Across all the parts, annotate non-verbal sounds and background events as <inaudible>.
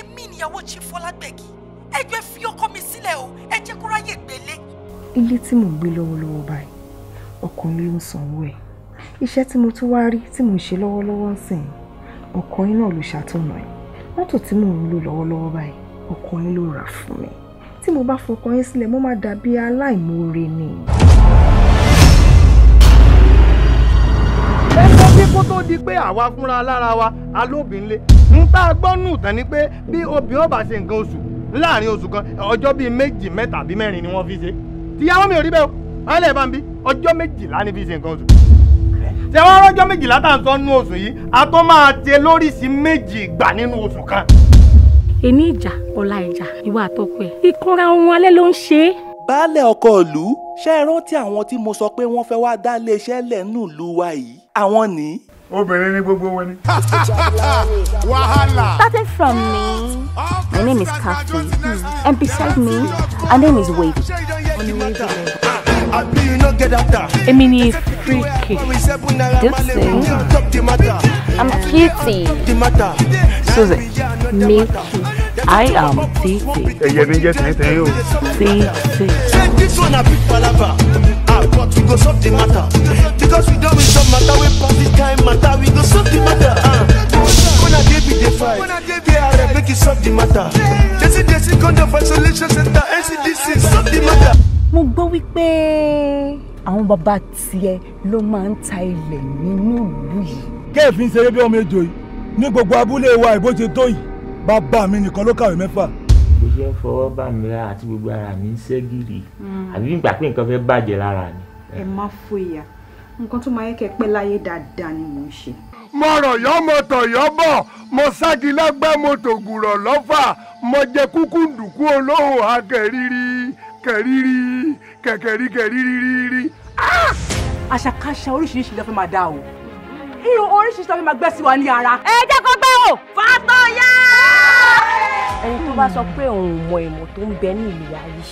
èmi níyàwó chief fọlágbẹ̀gì ẹ jẹ́ fi ọkọ mi sílẹ̀ o ẹ jẹ́ kó ráyè gbélé. ilé tí mò ń gbé lọ́wọ́lọ́wọ́ báyìí ọkùnrin ló ń sanwó ẹ̀ iṣẹ́ tí mo tún wá rí tí mò ń ṣe lọ́wọ́lọ́wọ́ ń sìn ọkùnrin náà ló ṣàtọ̀nà ẹ̀ mọ́tò tí mò ń lò lọ́wọ́lọ́wọ́ báyìí ọkùnrin ló rà fún mi tí mo bá fọkùnrin sílẹ̀ mo máa dàbí aláìmoore ni. wípé àwa fúnra lára wa alóbìnrin ń tá a gbọ́ nù tán ni pé bí obìnrin ó bá ṣe nǹkan oṣù láàrin oṣù kan ọjọ́ bíi méjì mẹ́ta àbí mẹ́rin ni wọ́n fi ṣe tìyàwó mi ò rí bẹ́ẹ̀ o wọ́n lè bá ń bí ọjọ́ méjìlá ni fi ṣe nǹkan oṣù ṣé wọ́n rọ́jọ́ méjìlá tá à ń sọ nínú oṣù yìí a tó máa ṣe lóríṣìí méjì ìgbà nínú oṣù kan. ẹni ìjà ọ̀la ìjà ìwà àtọkọ ẹ̀ ìkanra ohun alẹ́ ló ń ṣe é. baálẹ̀ ọkọ ìlú ṣe é rántí àwọn tí mo sọ pé wọ́n fẹ́ wá dá iléeṣẹ́ lẹ̀ nùlú wa yìí àwọn nìí <laughs> starting from me my name is Kathy, mm. and beside me my name is Wavy. Èmi ni Freaky, Dipsy, I'm Kitty, Susan, Milky, I am Titi. Ẹyẹ Titi. Isolation Center NCDC something matter. mo gbọ́ wípé àwọn bàbá tiẹ̀ ló máa ń ta ilẹ̀ nínú ìlú yìí. kẹ́ẹ̀fín ṣeré bí ọmọ ejò yìí ní gbogbo abúlé wa ìbò ṣe tó yìí bàbá mi nìkan ló kàwé mẹ́fà. bó ṣe ń fọwọ́ bá mi lára àti gbogbo ara mi ń ṣe hmm. àbí nígbà pé nǹkan fẹ́ bàjẹ́ lára mi. ẹ má fòyà nǹkan tó máa yẹ kẹ́ pẹ́ láyé dáadáa ni mò ń ṣe mo rọ̀yọ́ mo tọ̀yọ́ bọ̀ mo ságilẹ́gbẹ́ mo tògùrọ̀ lọ́fà mo jẹ kúkú dùkú olóhùn akẹ́rìírí kẹ́rìírí kẹ̀kẹ́rí kẹ́rìírí. Ah! àṣàkáṣà oríṣiríṣi ló máa dá o irun oríṣiríṣi ló máa gbẹ́ sí wa ní ara. ẹ jẹ́ kó gbẹ́ o. fàtọ́yà. ẹni tó bá sọ pé òun mọ ìmọ̀ tó ń bẹ ní ìlú ayé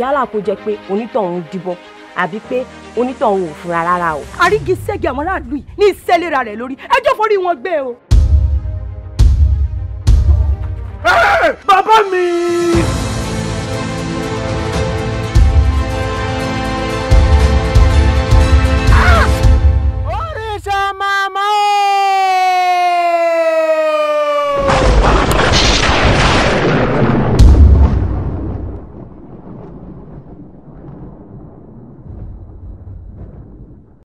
yálà kó jẹ́ pé onítọ̀hún díbọ́n àbí pé onítọ̀hún ò fura rárá o. àrígi sẹ́gi àwọn aráàlú yìí ní ìṣẹ́lera rẹ̀ lórí ẹjọ́ forí wọn gbé o. bàbá mi.